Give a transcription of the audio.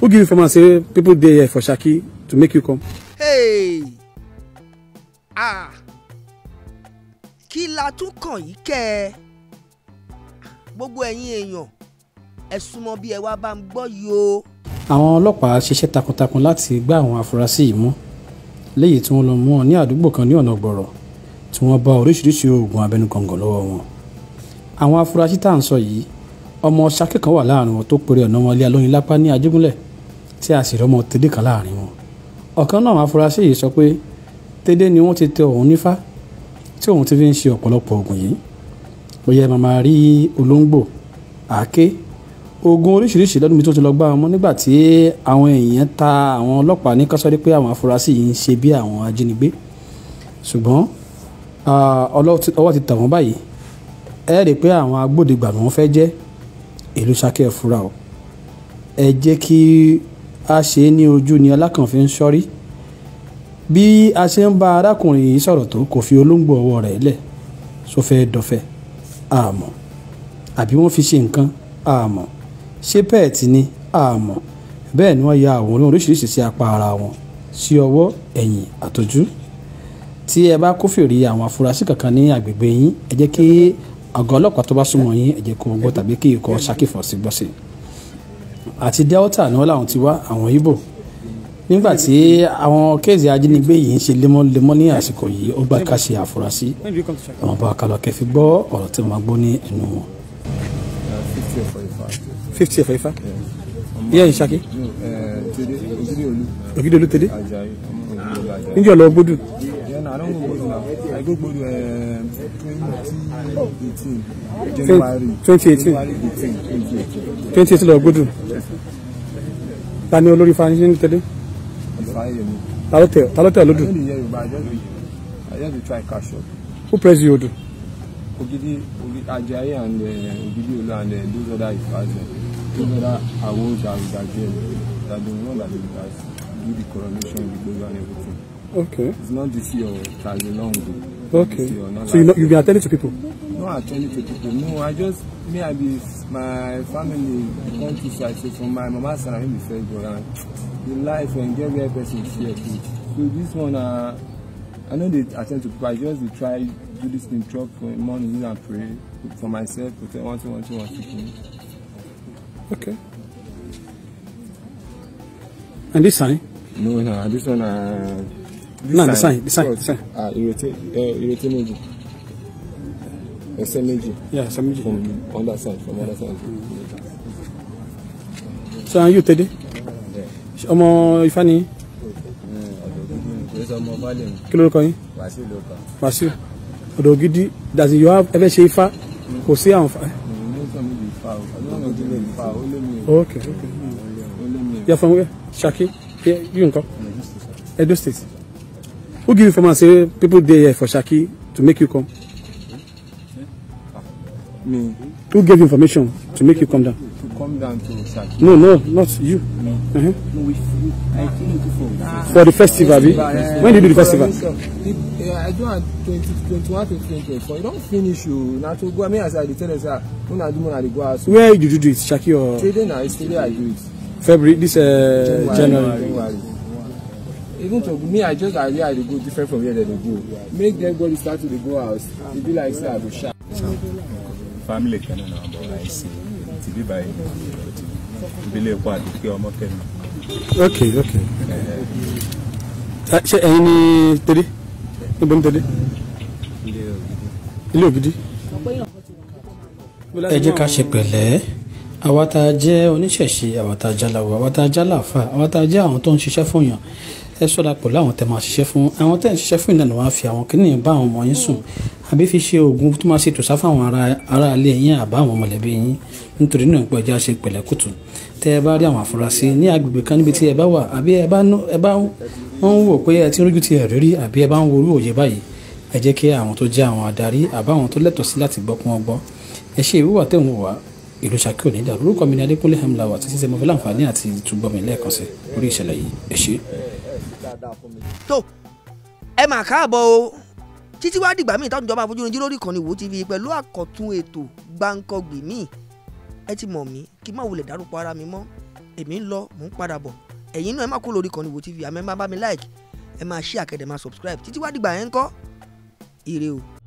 Who give you information say people dey here for Shaki to make you come? Hey! Ah! Kí la tún kàn yìí kẹ́ ẹ? Gbogbo ẹ̀yin èèyàn, ẹ súnmọ́ bí ẹ wá bá ń gbọ́ yìí lati ba ọlọ́pàá afurasi takuntakun láti gbá àwọn afurasí yìí mú. Léyìí tí wọ́n lọ mú wọn ní àdúgbò kan ní ọ̀nà gbọ̀rọ̀ tí wọ́n bá oríṣiríṣi oògùn abẹnugọ̀ngọ̀ lọ́wọ́ wọn. Àwọn afurasí tá kan wà láàrin wọn tó pèrè ọ̀nà wọn lé alóyin lápá ní tí a sì rọ́mọ Tèdè kan láàrin wọn ọ̀kan náà afurasí yìí sọ pé Tèdè ni wọ́n ti tẹ òun nífá tí òun ti fi ń ṣe ọ̀pọ̀lọpọ̀ oògùn yìí bóyá màmá rí olóńgbò àáké oògùn oríṣiríṣi lọ́dún mi tó ti lọ gbá wọn nígbà tí àwọn èèyàn ta àwọn ọlọ́pàá ní kásọ́rí pé àwọn afurasí yìí ń ṣe bí àwọn ajínigbé ṣùgbọ́n ọwọ́ ti tẹ̀ wọ́n báyìí ẹ rí pé àwọn agbódegbà ni wọ́n fẹ́ jẹ́ ìlú Ṣakí ẹ ẹ jẹ́ kí a ṣe é ní ojú ni Ọlákànfin ń ṣọ́rí bí a ṣe ń bá arákùnrin yìí sọ̀rọ̀ tó kò fi olóńgbò ọwọ́ rẹ̀ lẹ̀ sọ fẹ́ dọ̀fẹ́ àmọ́ àbí wọ́n fi ṣe nǹkan àmọ́ ṣé pẹ́ẹ̀tì ni àmọ́ bẹ́ẹ̀ ni wọ́n ya àwòrán oríṣiríṣi sí apá ara wọn sí ọwọ́ ẹ̀yìn àtọ́jú tí ẹ bá kófìrí àwọn afurasí kankan ní agbègbè yín ẹ jẹ́ kí àgọ́ ọlọ́pàá tó bá súnmọ́ yín ẹ jẹ́ kó gbọ́ tàbí kí ikọ̀ ṣàkífọ̀ gbọ́ sí i àti delta ni wọ́n làwọn ti wá àwọn Ìgbò nígbà tí àwọn kéèsì ajínigbé yìí ń ṣe lemọ́lemọ́ ní àsìkò yìí ó gbà ká ṣe àfúrásì àwọn bá kalọ̀ kẹfí gbọ́ ọ̀rọ̀ tí wọ́n gbọ́ ní ẹnu wọn. fifty ẹ̀fọ́ ifá ìyá yìí ṣáké ògidì olú tẹ́lẹ̀ níjọ́ lọ gbódù. twenty eighteen twenty eighteen lọ gbódù ta ni olórí fani ní tẹ́lẹ̀. ta ló tẹ̀ ta ló tẹ̀ lódù. who praise you odù. Ogidi Ajayi and eh, Ogidi Olu and eh, those other Ifas eh, those other awards and Igbagem that the one that they do the coronation with Igboho and everything. Okay. It's not this year, oh, it a long ago. Oh. Okay. So you know, you've been attending to people? not at to people. No, I just me I be my family countryside so from my mama side I be first born and the life and get every person fear too. So this one uh, I know they attend to people I just try do this thing chop for morning and pray for myself protect one two, one two, one thing. Okay. And this sign? No, no, this one. Uh, this no, sign, the sign, the sign, the sign. Ah, irritate, uh, uh irritate me. SMG, méjì. yeah ẹsẹ̀ méjì. from that side from other side. so àwọn yóò tẹ́dẹ́ ọmọ ifá ni. kí ló lóko yín. wàsíù ọ̀dọ̀ gidi dàsí yọ ẹ fẹ́ ṣe ifá kò sí àwọn fa. ok ok yẹ fún wẹ Ṣakí yìí nǹkan Edo State who give you information say people dey here for Ṣakí to make you come. Me. Who gave you information to make you come down? To come down to Saki. No, no, not you. No. Uh-huh. No, we, we, I came for, ah, for the festival. festival uh, when did you do the festival? The, uh, I do on 20, 21 to 24. You don't finish you. Oh. Now to go, I mean, as I tell us, when I do when I go out. So. Where did you do it, Shaki or? Today now, it's today I do it. February, this uh, January. January. January. even to me i just idea i dey go different from here. dem dey go make them go start to go house e be like say i go sharp fámìlì kan náà náà bọ̀ láì sí ti bíbá ìlú ti ìbílẹ̀ epo àdúgbò ọmọ kẹ́mi. ok ok ṣe ẹ̀yin ni tẹ́lẹ̀ níbo ni tẹ́lẹ̀ ilé ògidì. ẹ jẹ́ ká ṣe pẹ̀lẹ́ àwa tá a jẹ́ oníṣẹ̀ṣe àwa tá a jálàwọ̀ àwa tá a jálàfà àwa tá a jẹ́ àwọn tó ń ṣiṣẹ́ fún yàn ẹ ṣọ́ra pẹ̀lú àwọn tẹ́ máa ṣiṣẹ́ fún àwọn tẹ́ ń ṣiṣẹ́ fún ìlànà wàá fi àwọn kìnìún bá àwọn ọmọ yín sùn àbí fi ṣe oògùn tó máa ṣe tòṣá fáwọn ará ilé yín àbá àwọn mọ̀lẹ́bí yín nítorí náà pé ọjà ṣe pẹ̀lẹ́kùtù tẹ́ ẹ bá rí àwọn afurasí ní agbègbè kan níbi tí ẹ bá wà àbí ẹ bá wọ́n ń wò pé ẹ ti ń rójú ti ẹ̀ rírí àbí ẹ bá ń worú òye báyìí ẹ jẹ́ kí àwọn tó jẹ́ àwọn adarí àbá àwọn tó lẹ́tọ̀ọ́ sí láti gbọ́ ọgbọ́n ẹ ṣe ìwúwà tẹ̀ wà ìlú Ṣakí ò ní mi ni Adékúnlé hamlawa títí tẹ mo fi àti túbọ̀ mi lẹ́ẹ̀kan sí orí yìí ẹ ṣé. tó ẹ mà káàbọ̀ o títí wá dìgbà míì táwọn ìjọba àfojúrinjú lórí ìkànnì Wo TV pẹ̀lú àkọ́tún ètò gbàǹkangbì míì ẹ ti mọ̀ mí kí n má wulẹ̀ dárúkọ ara mi mọ́ èmi ń lọ mò ń padà bọ̀ ẹ̀yin náà ẹ má kó lórí ìkànnì Wo TV àmọ́ ẹ má bá mi like ẹ máa share kẹ́ dẹ̀ subscribe títí wá dìgbà yẹn ń kọ́ ire o.